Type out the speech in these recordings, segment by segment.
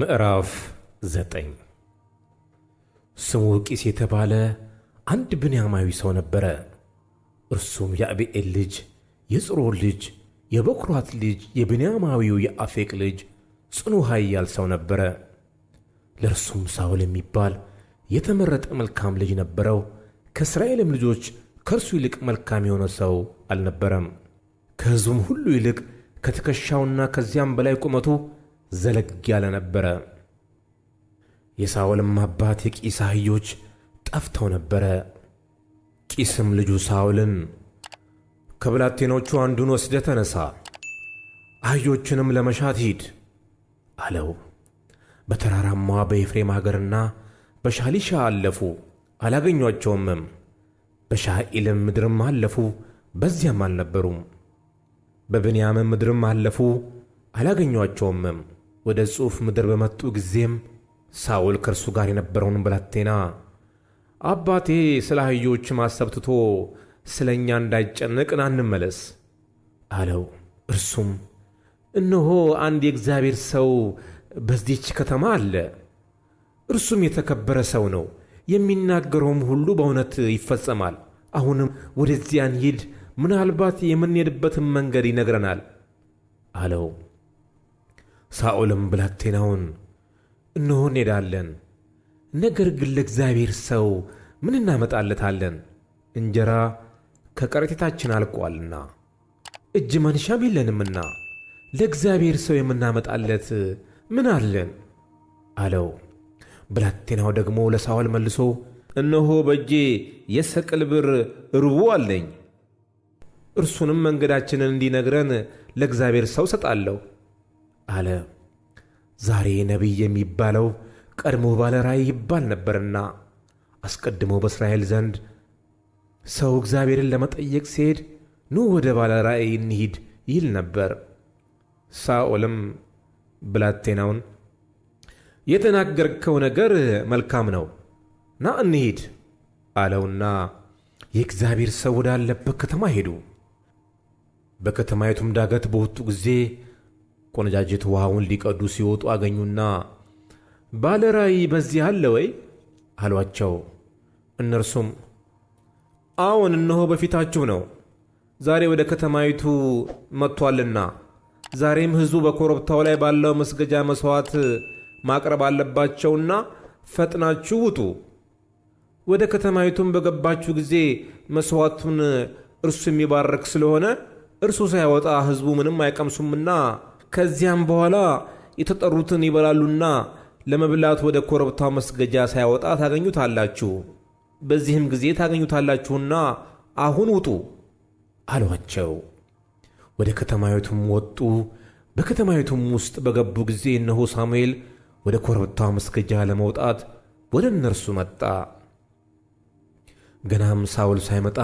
ምዕራፍ ዘጠኝ ስሙ ቂስ የተባለ አንድ ብንያማዊ ሰው ነበረ። እርሱም የአቢኤል ልጅ የጽሮር ልጅ የበኩራት ልጅ የብንያማዊው የአፌቅ ልጅ ጽኑ ኃያል ሰው ነበረ። ለእርሱም ሳውል የሚባል የተመረጠ መልካም ልጅ ነበረው። ከእስራኤልም ልጆች ከእርሱ ይልቅ መልካም የሆነ ሰው አልነበረም። ከሕዝቡም ሁሉ ይልቅ ከትከሻውና ከዚያም በላይ ቁመቱ ዘለግ ያለ ነበረ። የሳኦልም አባት የቂስ አህዮች ጠፍተው ነበረ። ቂስም ልጁ ሳኦልን ከብላቴኖቹ አንዱን ወስደ ተነሳ፣ አህዮችንም ለመሻት ሂድ አለው። በተራራማ በኤፍሬም አገርና በሻሊሻ አለፉ፣ አላገኟቸውምም። በሻኢልም ምድርም አለፉ፣ በዚያም አልነበሩም። በብንያምም ምድርም አለፉ፣ አላገኟቸውምም። ወደ ጽሑፍ ምድር በመጡ ጊዜም ሳውል ከእርሱ ጋር የነበረውን ብላቴና አባቴ ስለ አህዮች ማሰብ ትቶ ስለ እኛ እንዳይጨነቅ ና እንመለስ አለው። እርሱም እነሆ አንድ የእግዚአብሔር ሰው በዚች ከተማ አለ፣ እርሱም የተከበረ ሰው ነው፣ የሚናገረውም ሁሉ በእውነት ይፈጸማል። አሁንም ወደዚያ ሂድ፣ ምናልባት የምንሄድበትን መንገድ ይነግረናል አለው። ሳኦልም ብላቴናውን እነሆ እንሄዳለን፤ ነገር ግን ለእግዚአብሔር ሰው ምን እናመጣለታለን? እንጀራ ከከረጢታችን አልቋልና እጅ መንሻም የለንምና ለእግዚአብሔር ሰው የምናመጣለት ምን አለን? አለው። ብላቴናው ደግሞ ለሳኦል መልሶ እነሆ በእጄ የሰቅል ብር ርቡ አለኝ፤ እርሱንም መንገዳችንን እንዲነግረን ለእግዚአብሔር ሰው ሰጣለሁ አለ። ዛሬ ነቢይ የሚባለው ቀድሞ ባለ ራእይ ይባል ነበርና አስቀድሞ በእስራኤል ዘንድ ሰው እግዚአብሔርን ለመጠየቅ ሲሄድ ኑ ወደ ባለ ራእይ እንሂድ ይል ነበር። ሳኦልም ብላቴናውን የተናገርከው ነገር መልካም ነው፣ ና እንሂድ አለውና የእግዚአብሔር ሰው ወዳለበት ከተማ ሄዱ። በከተማይቱም ዳገት በወጡ ጊዜ ቆነጃጅት ውሃውን ሊቀዱ ሲወጡ አገኙና ባለ ራእይ በዚህ አለ ወይ? አሏቸው። እነርሱም አዎን፣ እነሆ በፊታችሁ ነው፣ ዛሬ ወደ ከተማይቱ መጥቷልና ዛሬም ሕዝቡ በኮረብታው ላይ ባለው መስገጃ መሥዋዕት ማቅረብ አለባቸውና ፈጥናችሁ ውጡ። ወደ ከተማይቱም በገባችሁ ጊዜ መሥዋዕቱን እርሱ የሚባርክ ስለሆነ እርሱ ሳይወጣ ሕዝቡ ምንም አይቀምሱምና ከዚያም በኋላ የተጠሩትን ይበላሉና ለመብላት ወደ ኮረብታው መስገጃ ሳያወጣ ታገኙታላችሁ። በዚህም ጊዜ ታገኙታላችሁና አሁን ውጡ አሏቸው። ወደ ከተማይቱም ወጡ። በከተማይቱም ውስጥ በገቡ ጊዜ እነሆ ሳሙኤል ወደ ኮረብታው መስገጃ ለመውጣት ወደ እነርሱ መጣ። ገናም ሳውል ሳይመጣ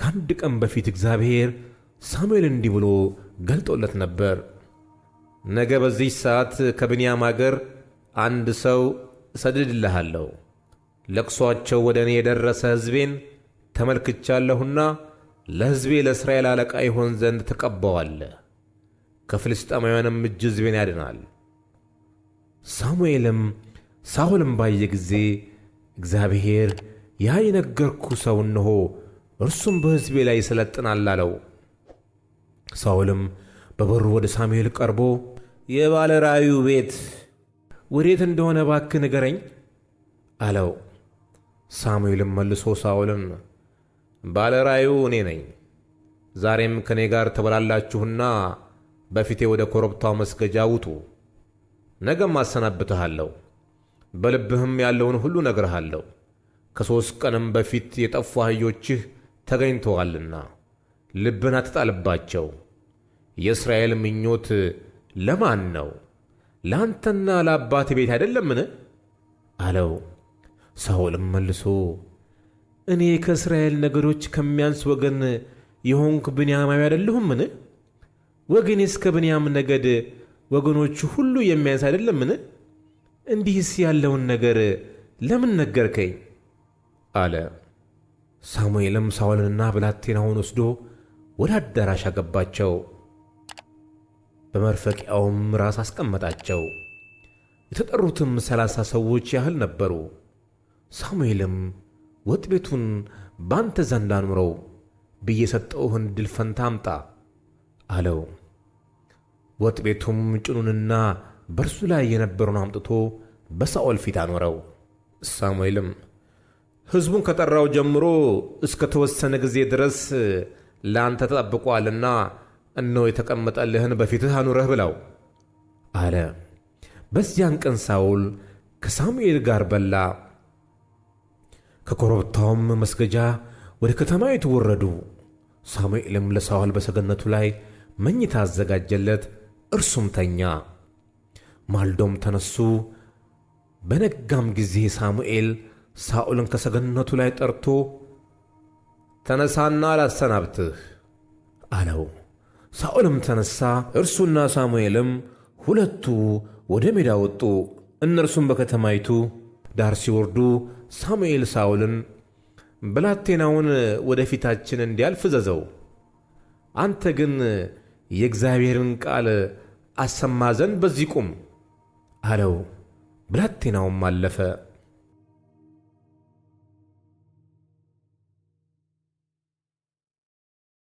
ከአንድ ቀን በፊት እግዚአብሔር ሳሙኤል እንዲህ ብሎ ገልጦለት ነበር። ነገ በዚህ ሰዓት ከብንያም አገር አንድ ሰው እሰድድልሃለሁ። ለቅሷቸው ወደ እኔ የደረሰ ሕዝቤን ተመልክቻለሁና ለሕዝቤ ለእስራኤል አለቃ ይሆን ዘንድ ተቀባዋለ። ከፍልስጥኤማውያንም እጅ ሕዝቤን ያድናል። ሳሙኤልም ሳኦልም ባየ ጊዜ እግዚአብሔር ያ የነገርኩ ሰው እነሆ እርሱም በሕዝቤ ላይ ይሰለጥናል አለው። ሳኦልም በበሩ ወደ ሳሙኤል ቀርቦ የባለ ራእዩ ቤት ወዴት እንደሆነ ባክ ንገረኝ አለው። ሳሙኤልም መልሶ ሳኦልን ባለ ራእዩ እኔ ነኝ፣ ዛሬም ከእኔ ጋር ተበላላችሁና በፊቴ ወደ ኮረብታው መስገጃ ውጡ፣ ነገም አሰናብትሃለሁ፣ በልብህም ያለውን ሁሉ ነግርሃለሁ። ከሦስት ቀንም በፊት የጠፉ አህዮችህ ተገኝተዋልና ልብን አትጣልባቸው የእስራኤል ምኞት ለማን ነው? ለአንተና ለአባት ቤት አይደለምን? አለው። ሳኦልም መልሶ እኔ ከእስራኤል ነገዶች ከሚያንስ ወገን የሆንክ ብንያማዊ አይደለሁምን? ወገኔ እስከ ብንያም ነገድ ወገኖቹ ሁሉ የሚያንስ አይደለምን? እንዲህስ ያለውን ነገር ለምን ነገርከኝ? አለ። ሳሙኤልም ሳኦልንና ብላቴናውን ወስዶ ወደ አዳራሽ አገባቸው። በመርፈቂያውም ራስ አስቀመጣቸው። የተጠሩትም ሰላሳ ሰዎች ያህል ነበሩ። ሳሙኤልም ወጥ ቤቱን ባንተ ዘንድ አኑረው ብዬ የሰጠሁህን ድል ፈንታ አምጣ አለው። ወጥ ቤቱም ጭኑንና በእርሱ ላይ የነበረውን አምጥቶ በሳኦል ፊት አኖረው። ሳሙኤልም ሕዝቡን ከጠራው ጀምሮ እስከ ተወሰነ ጊዜ ድረስ ለአንተ ተጠብቋልና እነሆ የተቀመጠልህን በፊትህ አኑረህ ብላው አለ። በዚያን ቀን ሳውል ከሳሙኤል ጋር በላ። ከኮረብታውም መስገጃ ወደ ከተማይቱ ወረዱ። ሳሙኤልም ለሳውል በሰገነቱ ላይ መኝታ አዘጋጀለት፣ እርሱም ተኛ። ማልዶም ተነሱ። በነጋም ጊዜ ሳሙኤል ሳኦልን ከሰገነቱ ላይ ጠርቶ ተነሳና አላሰናብትህ አለው። ሳኦልም ተነሳ እርሱና ሳሙኤልም ሁለቱ ወደ ሜዳ ወጡ። እነርሱም በከተማይቱ ዳር ሲወርዱ ሳሙኤል ሳኦልን ብላቴናውን ወደ ፊታችን እንዲያልፍ ዘዘው፣ አንተ ግን የእግዚአብሔርን ቃል አሰማ ዘንድ በዚህ ቁም አለው። ብላቴናውም አለፈ።